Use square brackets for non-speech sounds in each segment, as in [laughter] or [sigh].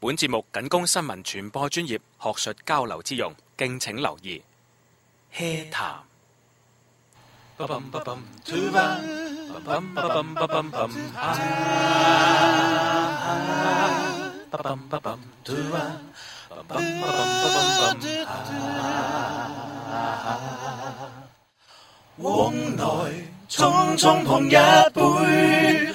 本節目僅供新聞傳播專業學術交流之用，敬請留意。嘿、hey, time。往來匆匆碰一杯，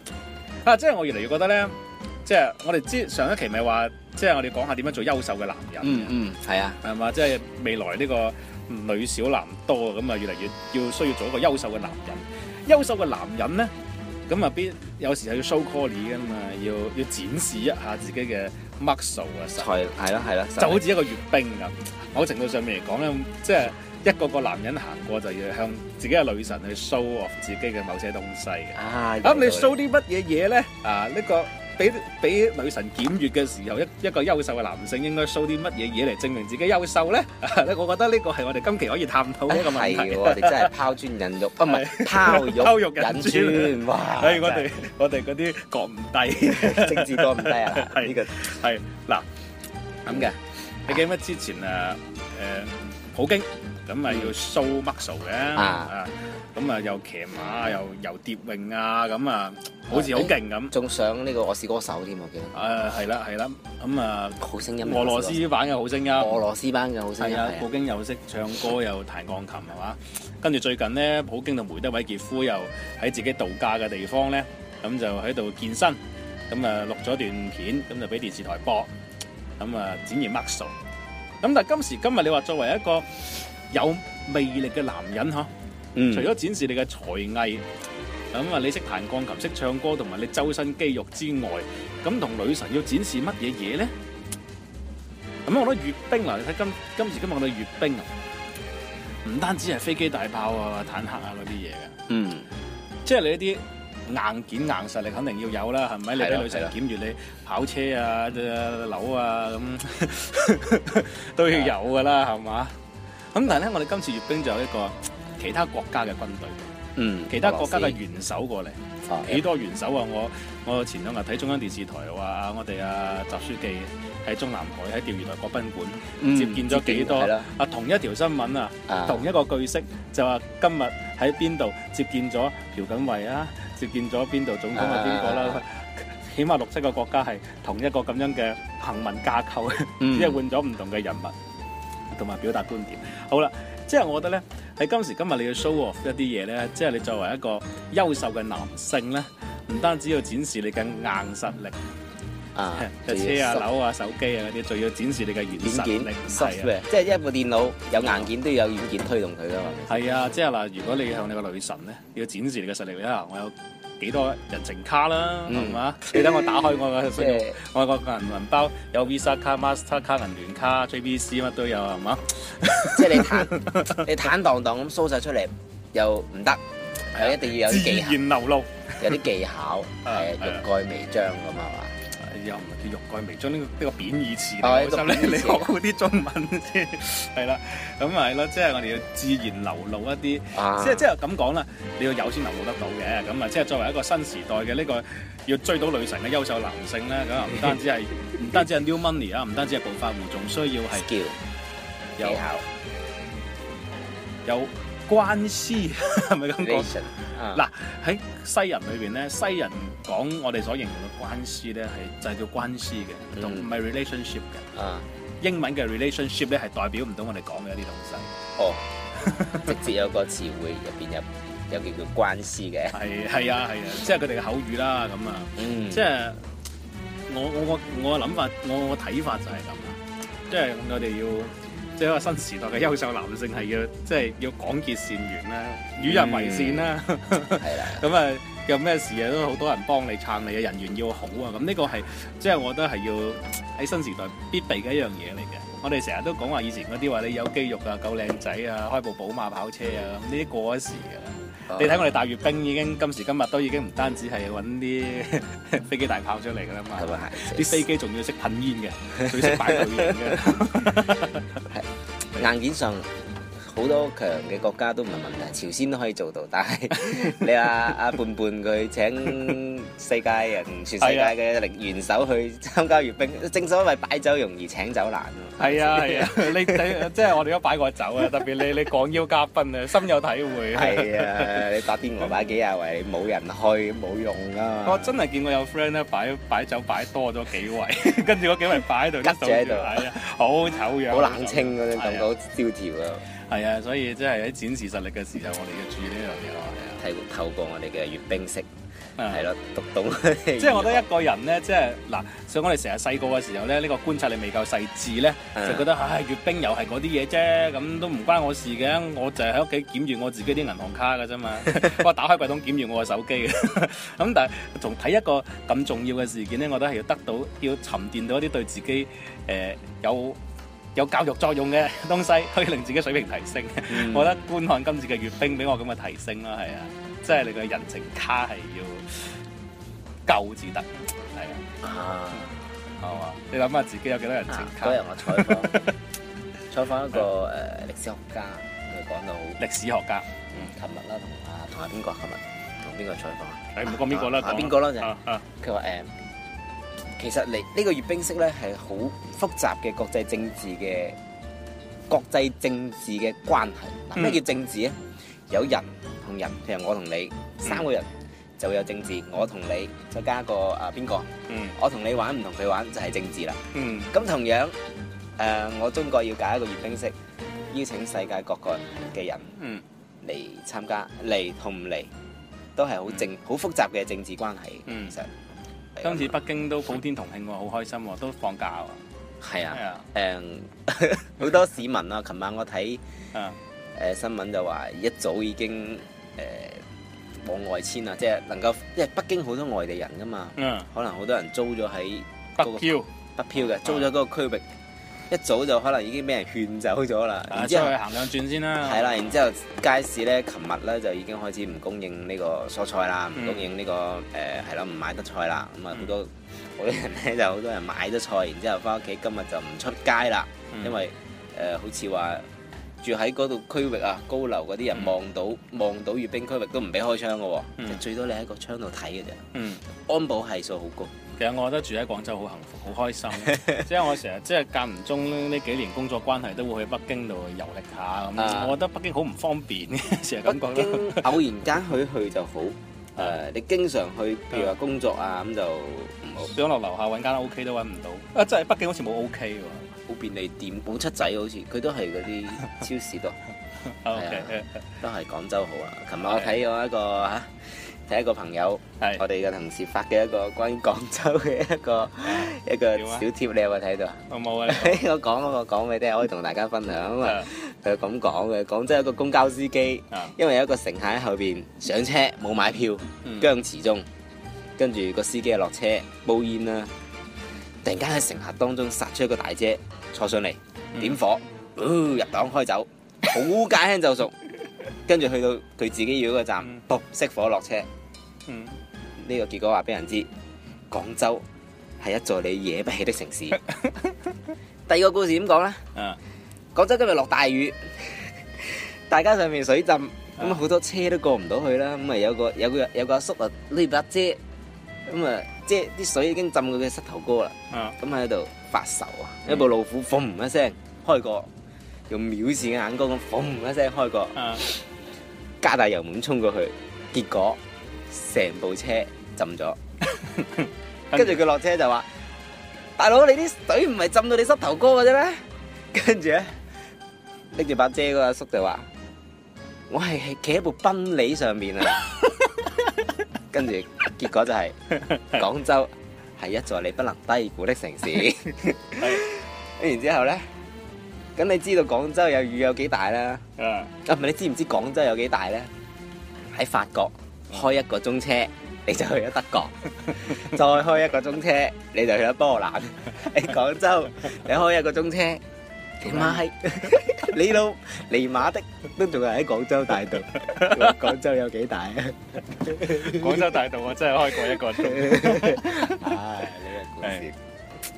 啊！即係我越嚟越覺得咧，即係我哋之上一期咪話，即係我哋講下點樣做優秀嘅男人。嗯嗯，係啊，係嘛？即係未來呢個女少男多，咁啊越嚟越要需要做一個優秀嘅男人。優秀嘅男人咧，咁啊必有時係要 show quality 嘅嘛，要要展示一下自己嘅 muscle 啊，係係啦係啦，就好似一個閱兵咁。某程度上面嚟講咧，即係。一個個男人行過就要向自己嘅女神去 show off 自己嘅某些東西嘅。啊，咁你 show 啲乜嘢嘢咧？啊，呢個俾俾女神檢閲嘅時候，一一個優秀嘅男性應該 show 啲乜嘢嘢嚟證明自己優秀咧？啊，我覺得呢個係我哋今期可以探討呢個問題嘅喎，我哋真係拋磚引玉，唔係拋玉引磚。哇！誒，我哋我哋嗰啲講唔低，政治講唔低啊！係呢個係嗱咁嘅，你記唔記得之前誒誒普京？咁、嗯、咪要 show muscle 嘅、啊，啊，咁啊又騎馬、嗯、又遊蝶泳啊，咁啊好似好勁咁，仲想呢個我是歌手添、啊、我記得。誒係啦係啦，咁啊好聲音，音，俄羅斯版嘅好聲音，俄羅斯版嘅好聲音。 [laughs] 普京又識唱歌又彈鋼琴係嘛？跟住最近咧，普京同梅德韋傑夫又喺自己度假嘅地方咧，咁就喺度健身，咁啊錄咗段片，咁就俾電視台播，咁啊展現 muscle。咁但係今時今日你話作為一個，有魅力嘅男人嗬、嗯，除咗展示你嘅才藝，咁、嗯、啊你識彈鋼琴、識唱歌，同埋你周身肌肉之外，咁同女神要展示乜嘢嘢咧？咁、嗯、我覺得閱兵啊，你睇今今，今時今日我哋閱兵啊，唔單止係飛機、大炮啊、坦克啊嗰啲嘢嘅，嗯，即係你一啲硬件、硬實力肯定要有啦，係咪？你畀女神檢閱你跑車啊、呃、樓啊咁， [laughs] 都要有噶啦，係、嗯、嘛？是咁但係咧，我哋今次閱兵就有一個其他國家嘅軍隊，嗯，其他國家嘅元首過嚟，幾、哦、多元首啊？我我前兩日睇中央電視台話我哋阿習書記喺中南海喺釣魚台國賓館、嗯、接見咗幾多啊？同一條新聞啊，同一個句式就話今日喺邊度接見咗朴槿惠啊，接見咗邊度總統係邊個啦？起碼六七個國家係同一個咁樣嘅行文架構，即、嗯、係 [laughs] 換咗唔同嘅人物。同埋表達觀點，好啦，即係我覺得咧，喺今時今日你要 show off 一啲嘢咧，即係你作為一個優秀嘅男性咧，唔單止要展示你嘅硬實力啊， [laughs] 車啊、樓啊、手機啊嗰啲，仲要展示你嘅軟實力，軟件啊，即係一部電腦有硬件都要有軟件推動佢㗎嘛，係 [laughs] 啊，即係嗱，如果你向你個女神咧，要展示你嘅實力咧，我有。幾多人情卡啦，係、嗯、嘛？你等我打開我嘅、okay. 我嘅個人銀包，有 Visa 卡、Master 卡、銀聯卡、JBC 乜都有，係嘛？即係你坦 [laughs] 你坦蕩蕩咁 show 曬出嚟又唔得，係、啊、一定要有啲技巧，流有啲技巧，誒 [laughs] 欲、啊、蓋彌彰咁啊嘛～又唔係叫欲蓋彌彰，呢個呢、哦，這個貶義詞，我想你你學啲中文先係啦，咁咪係咯，即係我哋要自然流露一啲，即係即係咁講啦，你要有先流露得到嘅，咁啊，即係作為一個新時代嘅呢、這個要追到女神嘅優秀男性咧，咁啊唔單止係唔 [laughs] 單止係 new money 啊，唔單止係暴發戶，仲需要係有有，有關係，係咪咁講。Ration. 嗱、uh、喺 -huh. 西人裏邊咧，西人講我哋所形容嘅關係咧，係就係叫關係嘅，唔、mm、係 -hmm. relationship 嘅。Uh -huh. 英文嘅 relationship 咧，係代表唔到我哋講嘅一啲東西。哦、oh, [laughs] ，直接有一個詞彙入邊有有叫做關係嘅。係係啊係啊，即係佢哋嘅口語啦咁啊。即 [laughs] 係、就是、我我我我嘅諗法，我我睇法就係咁啦。即、就、係、是、我哋要。即係個新時代嘅優秀男性係要即係、就是、要廣結善緣啦，與人為善啦，係、嗯、啦。咁 [laughs] 啊，有咩事啊都好多人幫你撐你嘅人緣要好啊。咁呢個係即係我覺得係要喺新時代必備嘅一樣嘢嚟嘅。我哋成日都講話以前嗰啲話你有肌肉啊、夠靚仔啊、開部寶馬跑車啊，咁呢啲過咗時嘅、哦、你睇我哋大閱兵已經、嗯、今時今日都已經唔單止係揾啲飛機大炮出嚟㗎啦嘛，啲 [laughs] 飛機仲要識噴煙嘅，佢 [laughs] 識擺隊形嘅。 [laughs] [laughs] 硬件上。好多強嘅國家都唔係問題，朝鮮都可以做到。但係你話、啊、阿、 [laughs] 啊、伴伴，佢請世界人、全世界嘅元首、 [laughs] 啊、去參加閱兵，正所謂擺酒容易請酒難咯。係啊係啊，是啊 [laughs] 你睇，即、就、係、是、我哋而家擺個酒啊，特別你你廣邀嘉賓啊，深有體會。係啊，你打邊爐擺幾廿圍，冇人去冇用啊。 [laughs] 我真係見過有 friend 咧，擺擺酒擺多咗幾圍，跟住嗰幾圍擺喺度，吉住喺度，擺擺啊，好醜樣，好冷清嗰種、啊、感覺，好蕭條啊。係啊，所以即係喺展示實力嘅時候， [laughs] 我哋要注意呢樣嘢啊！係透過我哋嘅閱兵式，係咯、啊，讀到。即係我覺得一個人咧，即係嗱，所以我哋成日細個嘅時候咧，呢、這個觀察力未夠細緻咧、啊，就覺得唉、哎，閱兵又係嗰啲嘢啫，咁都唔關我事嘅，我就係喺屋企檢閱我自己啲銀行卡嘅啫嘛，我 [laughs] 打開櫃桶檢閱我嘅手機。咁 [laughs] 但係從睇一個咁重要嘅事件咧，我都係要得到，要沉澱到一啲對自己誒、呃、有。有教育作用嘅東西，可以令自己水平提升、嗯。 [laughs] 我覺得觀看今次嘅閱兵，俾我咁嘅提升啦，係啊！即係你個人情卡係要夠至得，係啊！啊，好啊，你諗下自己有幾多人情卡？多人啊！採訪採訪一個誒歷史學家，佢講到歷史學家。嗯，琴日啦，同、嗯、啊同阿邊個？琴日同邊個採訪？你唔好講邊個啦，講邊個啦？就佢話誒。啊。其實你呢、這個閱兵式咧係好複雜嘅國際政治嘅國際政治嘅關係。嗱、啊、咩叫政治咧、嗯？有人同人，譬如我同你、嗯、三個人就有政治。我同你再加個啊邊個？嗯，我同你玩唔同佢玩就係、是、政治啦。嗯，咁同樣誒、呃，我中國要搞一個閱兵式，邀請世界各地嘅人嚟參、嗯、加，嚟同唔嚟都係好政好複雜嘅政治關係。其、嗯、實。今次北京都普天同慶，好開心，都放假喎。係啊，誒好、啊嗯、 [laughs] 多市民啊，琴晚我睇誒、 [laughs] 呃、新聞就話，一早已經誒往、呃、外遷啊，即、就、係、是、能夠，即係北京好多外地人㗎嘛。嗯，可能好多人租咗喺北漂，北漂嘅租咗嗰個區域。嗯嗯一早就可能已經俾人勸走咗啦，然之後行兩轉先啦。係啦，然之後街市咧，琴日咧就已經開始唔供應呢個蔬菜啦，唔供應呢、這個誒係咯，唔、嗯呃、買得菜啦。咁啊好多好、嗯、多人咧就好多人買咗菜，然之後翻屋企，今日就唔出街啦、嗯，因為誒、呃、好似話住喺嗰度區域啊，高樓嗰啲人望、嗯、到望到閱兵區域都唔俾開窗嘅喎，嗯、就最多你喺個窗度睇嘅啫。嗯，安保係數好高。其實我覺得住喺廣州好幸福、好開心， [laughs] 即係我成日即係間唔中呢幾年工作關係都會去北京度遊歷下咁、啊。我覺得北京好唔方便，成日咁講。北京偶然間去去就好，誒、 [laughs] 啊，你經常去，譬如話工作啊咁、嗯、就唔好。想落樓下揾間 O、OK、K 都揾唔到。啊，真係北京好似冇 O K 喎，冇便利店，冇七仔好似，佢都係嗰啲超市多。 [laughs] 啊啊、o、okay, K，、uh, 都係廣州好啊！琴日我睇咗一個嚇。睇一個朋友係我哋嘅同事發嘅一個關於廣州嘅一個一個小貼，你有冇睇到啊？我冇啊！我講我講俾你聽，即係我可以同大家分享啊。佢咁講嘅，廣州有一個公交司機，因為有一個乘客喺後邊上車冇買票，僵持中，跟住個司機落車煲煙啦。突然間喺乘客當中殺出一個大姐坐上嚟點火，入檔開走，好駕輕就熟。跟住去到佢自己要嗰個站，熄火落車。嗯，呢、這個結果話俾人知，廣州係一座你惹不起的城市。 [laughs] 第二個故事點講咧？嗯，廣州今日落大雨，大街上面水浸，咁、嗯、好、嗯、多車都過唔到去啦。咁、嗯、啊、嗯、有個有個有個阿叔啊，呢把遮，咁啊即係啲水已經浸到佢膝頭哥啦。咁喺度發愁啊、嗯。一部路虎，唔一聲開過，用藐視嘅眼光咁唔一聲開過、嗯，加大油門衝過去，結果。成部車浸咗，跟住佢落車就話，大佬你啲水唔係浸到你膝頭哥嘅啫咩？跟住咧拎住把遮嗰個阿叔就話，我係企喺部賓利上面啊！跟住結果就係廣州係一座你不能低估的城市。跟住之後咧，咁你知道廣州有雨有幾大啦？啊，啊唔係你知唔知廣州有幾大咧？喺法國。開一個鐘車你就去咗德國，再開一個鐘車你就去咗波蘭。喺、哎、廣州，你開一個鐘車唔係，你到尼瑪的都仲係喺廣州大道。 [laughs] 廣州有幾大啊？廣州大道我真係開過一個鐘。唉、 [laughs] 哎，你個故事。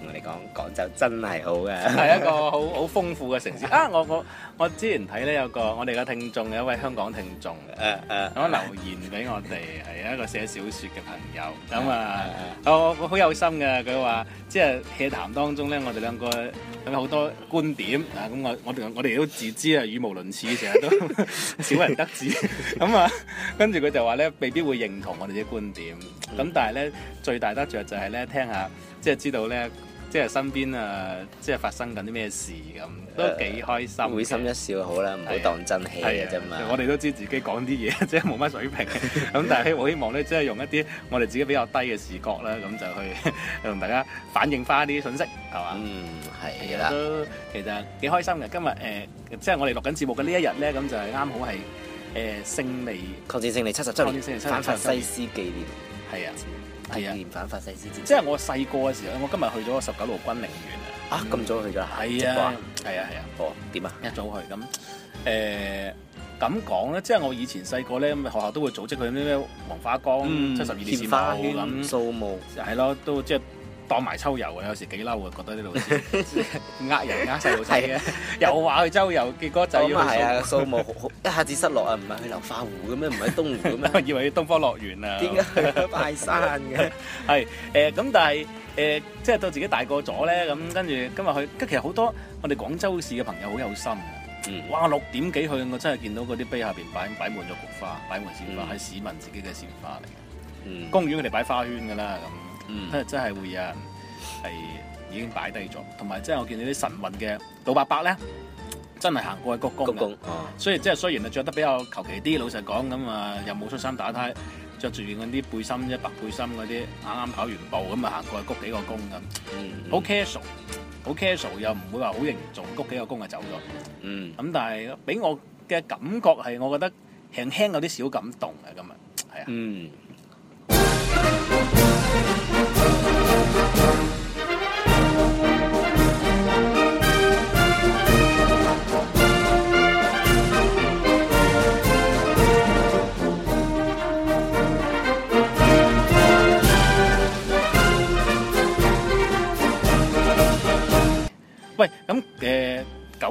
我哋講廣州真係好嘅，係一個好好豐富嘅城市啊！ [laughs] 我我我之前睇咧有個我哋嘅聽眾有一位香港聽眾，誒、uh, 誒、uh, 嗯，我留言俾我哋係、uh, 一個寫小說嘅朋友，咁、uh, 啊、uh, 嗯，我我好有心嘅，佢話即係戲談當中咧，我哋兩個有好多觀點啊！咁我我我哋都自知啊，語無倫次，成日都少人得志，咁 [laughs] 啊德， [laughs] 跟住佢就話咧，未必會認同我哋啲觀點，咁、嗯、但係咧最大得着就係咧，聽下即係、就是、知道咧。即係身邊啊，即係發生緊啲咩事咁，都幾開心，啊。會心一笑好啦，唔好當真氣啫嘛。我哋都知自己講啲嘢，即係冇乜水平。咁 [laughs] 但係我希望咧，即係用一啲我哋自己比較低嘅視覺啦，咁就去同大家反映翻啲信息，係嘛？嗯，係啦。都其實幾開心嘅。今日誒、呃，即係我哋錄緊節目嘅呢一日咧，咁、嗯、就係啱好係。誒、呃、勝利，抗戰勝利七十週年，年反法西斯紀念，係啊，紀念、啊啊啊、反法西斯戰即係我細個嘅時候，我今日去咗十九路軍陵園啊！啊、嗯、咁早去㗎，係啊，係啊，係啊，哦點啊？一、啊啊啊、早去咁咁講咧，即係、呃就是、我以前細個咧，咁學校都會組織佢咩咩黃花崗七十二烈士墓咁掃墓，係咯、啊，都即係。就是當埋秋遊啊！有時幾嬲啊，覺得啲老呃人呃細路仔嘅，又話去秋遊，結果就係要掃墓好，好，一下子失落啊！唔係去流花湖嘅咩？唔係東湖嘅咩？ [laughs] 以為去東方樂園啊？點解去拜山嘅？係誒咁，但係誒、呃、即係到自己大個咗咧，咁跟住今日去，跟其實好多我哋廣州市嘅朋友好有心嘅、嗯。哇！六點幾去，我真係見到嗰啲碑下邊擺擺滿咗菊花，擺滿鮮花，係、嗯、市民自己嘅鮮花嚟嘅、嗯。公園佢哋擺花圈㗎啦咁。嗯，真係真會有人係已經擺低咗，同埋即係我見到啲神韻嘅老伯伯咧，真係行過去鞠躬，所以即係雖然係着得比較求其啲，老實講咁啊，又冇出衫打呔，着住嗰啲背心一白背心嗰啲，啱啱跑完步咁啊，行過去鞠幾個躬咁，好、嗯嗯、casual，好 casual 又唔會話好隆重鞠幾個躬就走咗，咁、嗯、但係俾我嘅感覺係，我覺得輕輕有啲小感動啊咁啊，係、嗯、啊。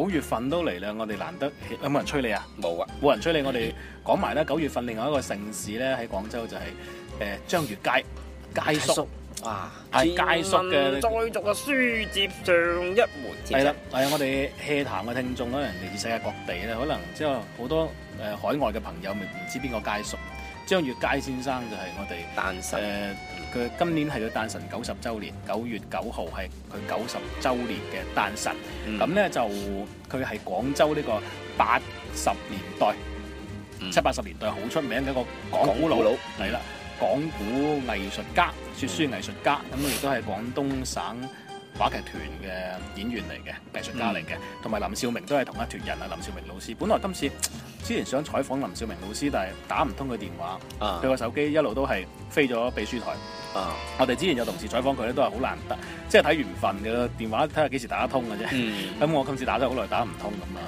九月份都嚟啦，我哋難得，有冇人催你啊？冇啊，冇人催你。我哋講埋咧，九月份另外一個城市咧喺廣州就係誒張悅楷楷叔啊，係楷叔嘅。再續啊，在書接上一回。係啦，係啊、哎，我哋客談嘅聽眾咧，人哋嚟自世界各地咧，可能即係好多誒海外嘅朋友，咪唔知邊個楷叔。張悅楷先生就係我哋誕辰，誒，佢、呃、今年係佢誕辰九十週年，九月九號係佢九十週年嘅誕辰。咁、嗯、咧就佢係廣州呢個八十年代、七八十年代好出名嘅一個講古佬，係啦，講古藝術家、說書藝術家，咁亦都係廣東省，話劇團嘅演員嚟嘅，藝術家嚟嘅，同、嗯、埋林兆明都係同一團人啊！林兆明老師本來今次之前想採訪林兆明老師，但係打唔通佢電話，佢、嗯、個手機一路都係飛咗秘書台。嗯、我哋之前有同事採訪佢咧，都係好難得，即係睇緣分嘅咯，電話睇下幾時打得通嘅啫。咁、嗯、 [laughs] 我今次打咗好耐，打唔通咁啊，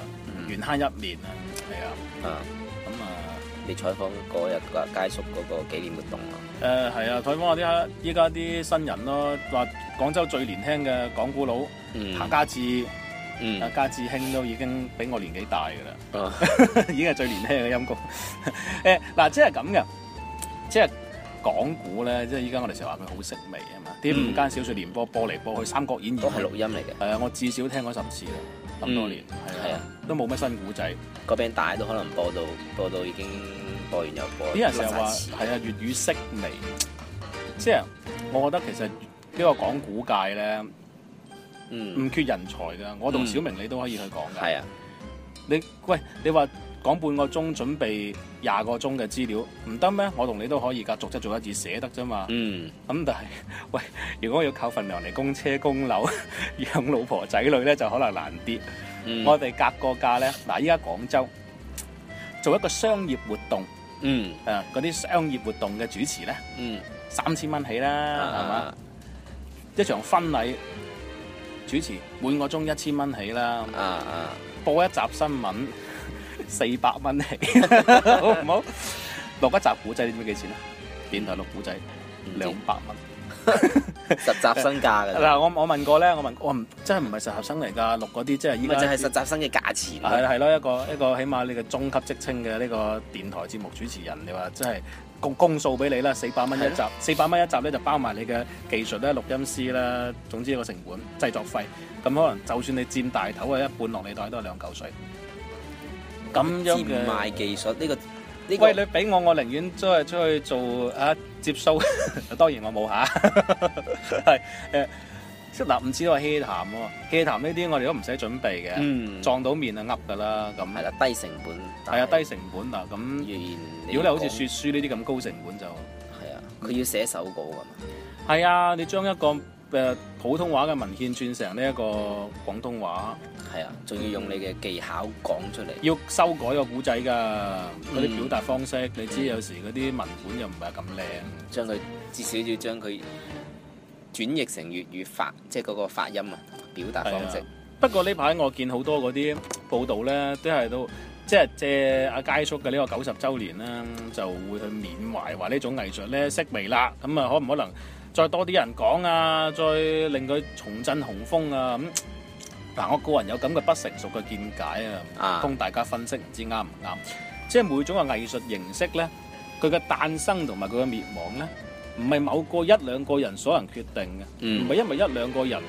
緣慳、嗯、一面啊，係啊。嗯你採訪嗰一個街宿嗰個紀念活動咯？誒，係啊，採訪下依家依家啲新人咯，話廣州最年輕嘅講古佬，彭、嗯、嘉志、阿、嗯、嘉志興都已經比我年紀大噶啦，啊、 [laughs] 已經係最年輕嘅音工。誒 [laughs] 嗱、呃，即係咁嘅，即係講古咧，即係依家我哋成日話佢好食味啊嘛，啲、嗯、五間小說連播播嚟播去《三國演義》都、那、係、個、錄音嚟嘅，係、呃、啊，我至少聽過十次啦。咁多年，係、嗯、啊，啊，都冇乜新古仔，個餅大都可能播到，播到已經播完又播。啲人成日話，係啊，粵語式微，即、嗯、係我覺得其實呢個講古界咧，嗯，唔缺人才㗎。我同小明你都可以去講㗎。嗯。你喂，你話講半個鐘準備廿個鐘嘅資料，唔得咩？我同你都可以噶，逐字做一字寫得啫嘛。嗯。咁但係，喂，如果我要靠份糧嚟供車供樓養老婆仔女咧，就可能難啲。Mm. 我哋隔個價咧，嗱，依家廣州做一個商業活動，嗯、mm.，啊，嗰啲商業活動嘅主持咧，嗯、mm.，三千蚊起啦，係、ah. 嘛？一場婚禮主持，每個鐘一千蚊起啦。啊啊。播一集新聞四百蚊。 [laughs] 好， [laughs] 好唔好？錄一集古仔點樣幾錢啊？電台錄古仔兩百蚊。 [laughs] 實習生價嘅嗱，我我問過咧，我問，我唔真係唔係實習生嚟噶。錄嗰啲即係依家，咪、這個、就係實習生嘅價錢係啦，係咯，一個一個起碼你個中級職稱嘅呢個電台節目主持人，你話即係公公數俾你啦，四百蚊一集，四百蚊一集咧 [laughs] 就包埋你嘅技術咧，錄音師啦，總之一個成本製作費，咁可能就算你佔大頭啊，一半落你袋都係兩嚿水，咁樣嘅賣技術呢個。這個、喂，你俾我，我寧願都係出去做啊接數，當然我冇嚇，係誒，嗱唔似都 hea 談喎 h e 呢啲我哋都唔使準備嘅、嗯，撞到面啊呃噶啦，咁係啦低成本，係啊低成本嗱咁，如果你好似雪書呢啲咁高成本就係啊，佢要寫手稿嘛，係啊，你將一個。誒普通話嘅文獻轉成呢一個廣東話，係啊，仲要用你嘅技巧講出嚟、嗯，要修改個古仔㗎，嗰、嗯、啲表達方式，嗯、你知有時嗰啲文本又唔係咁靚，將、嗯、佢至少要將佢轉譯成粵語發，即係嗰個發音啊，表達方式。啊嗯、不過呢排我見好多嗰啲報道咧，都係都即係借阿、啊、佳叔嘅呢個九十週年咧，就會去緬懷話呢種藝術咧式微啦，咁啊可唔可能？再多啲人講啊，再令佢重振雄風啊咁。嗱，我個人有咁嘅不成熟嘅見解啊，供、啊、大家分析，唔知啱唔啱。即係每種嘅藝術形式咧，佢嘅誕生同埋佢嘅滅亡咧，唔係某個一兩個人所能決定嘅，唔係、嗯、因為一兩個人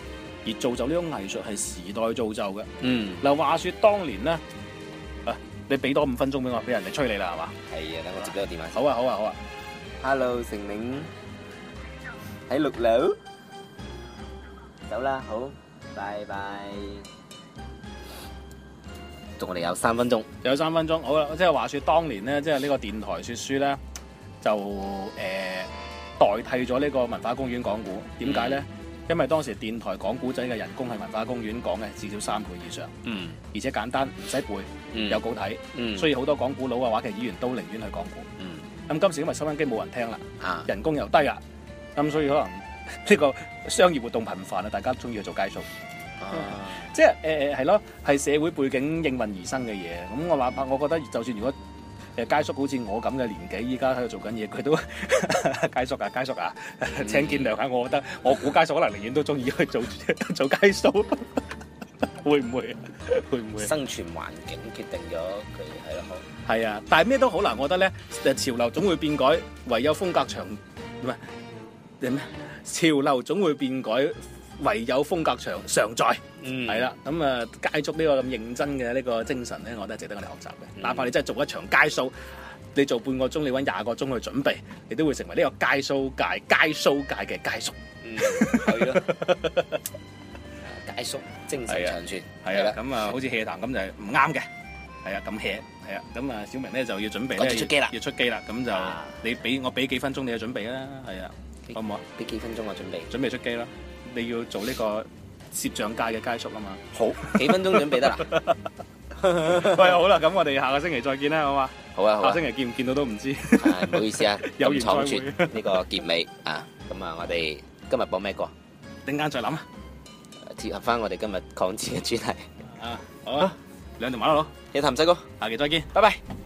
而造就呢種藝術，係時代造就嘅。嗱、嗯，話説當年咧、啊，你俾多五分鐘俾我，俾人哋催你啦，係嘛？係啊，等我接咗個電話先。好，好，啊好啊，好啊，好啊。Hello，成明。喺六樓，走啦，好，拜拜。仲我哋有三分鐘，有三分鐘，好啦，即係話說當年咧，即係呢個電台說書咧，就誒、呃、代替咗呢個文化公園講古。點解咧？因為當時電台講古仔嘅人工係文化公園講嘅至少三倍以上，嗯，而且簡單，唔使背，有稿睇、嗯，所以好多講古佬嘅話，其實演員都寧願去講古。咁、嗯、今時因為收音機冇人聽啦，啊，人工又低啦。咁、嗯、所以可能呢個商業活動頻繁啊，大家中意去做街叔、啊、嗯，即係誒係咯，係、呃、社會背景應運而生嘅嘢。咁我話我覺得，就算如果誒街叔好似我咁嘅年紀，依家喺度做緊嘢，佢都 [laughs] 街叔啊，街叔啊，嗯、請見諒下。我覺得我估街叔可能寧願都中意去做做街叔， [laughs] 會唔會？會唔會？生存環境決定咗佢係咯，係啊，但係咩都好難，我覺得咧，誒潮流總會變改，唯有風格長唔係。潮流總會變改，唯有風格長常在。嗯，係啦。咁啊，街叔呢個咁認真嘅呢個精神咧，我都係值得我哋學習嘅、嗯。哪怕你真係做一場街 show，你做半個鐘，你揾廿個鐘去準備，你都會成為呢個街 show 界街 show 界嘅街叔。嗯，係、就、咯、是。 [laughs] 街叔精神長存。係啊，咁啊，好似戲壇咁就係唔啱嘅。係啊，咁 hea。係啊，咁啊，小明咧就要準備咧，要出機啦。要出機啦。咁、啊、就你俾我俾幾分鐘你去準備啦。係啊。好唔好俾幾分鐘我、啊、準備，準備出機啦。你要做呢個攝像界嘅佳叔啊嘛。好，幾分鐘準備得啦。 [laughs] 喂，好啦，咁我哋下個星期再見啦，好嘛、啊？好啊，下星期見唔見到都唔知道。唔、哎、好意思啊， [laughs] 有緣再會呢 [laughs] 個結尾啊，咁啊，我哋今日播咩歌？陣間再諗啊，啊。結合翻我哋今日抗戰嘅主題。啊，好啊，啊兩條馬路，你探唔識㗎？下期再見，拜拜。拜拜。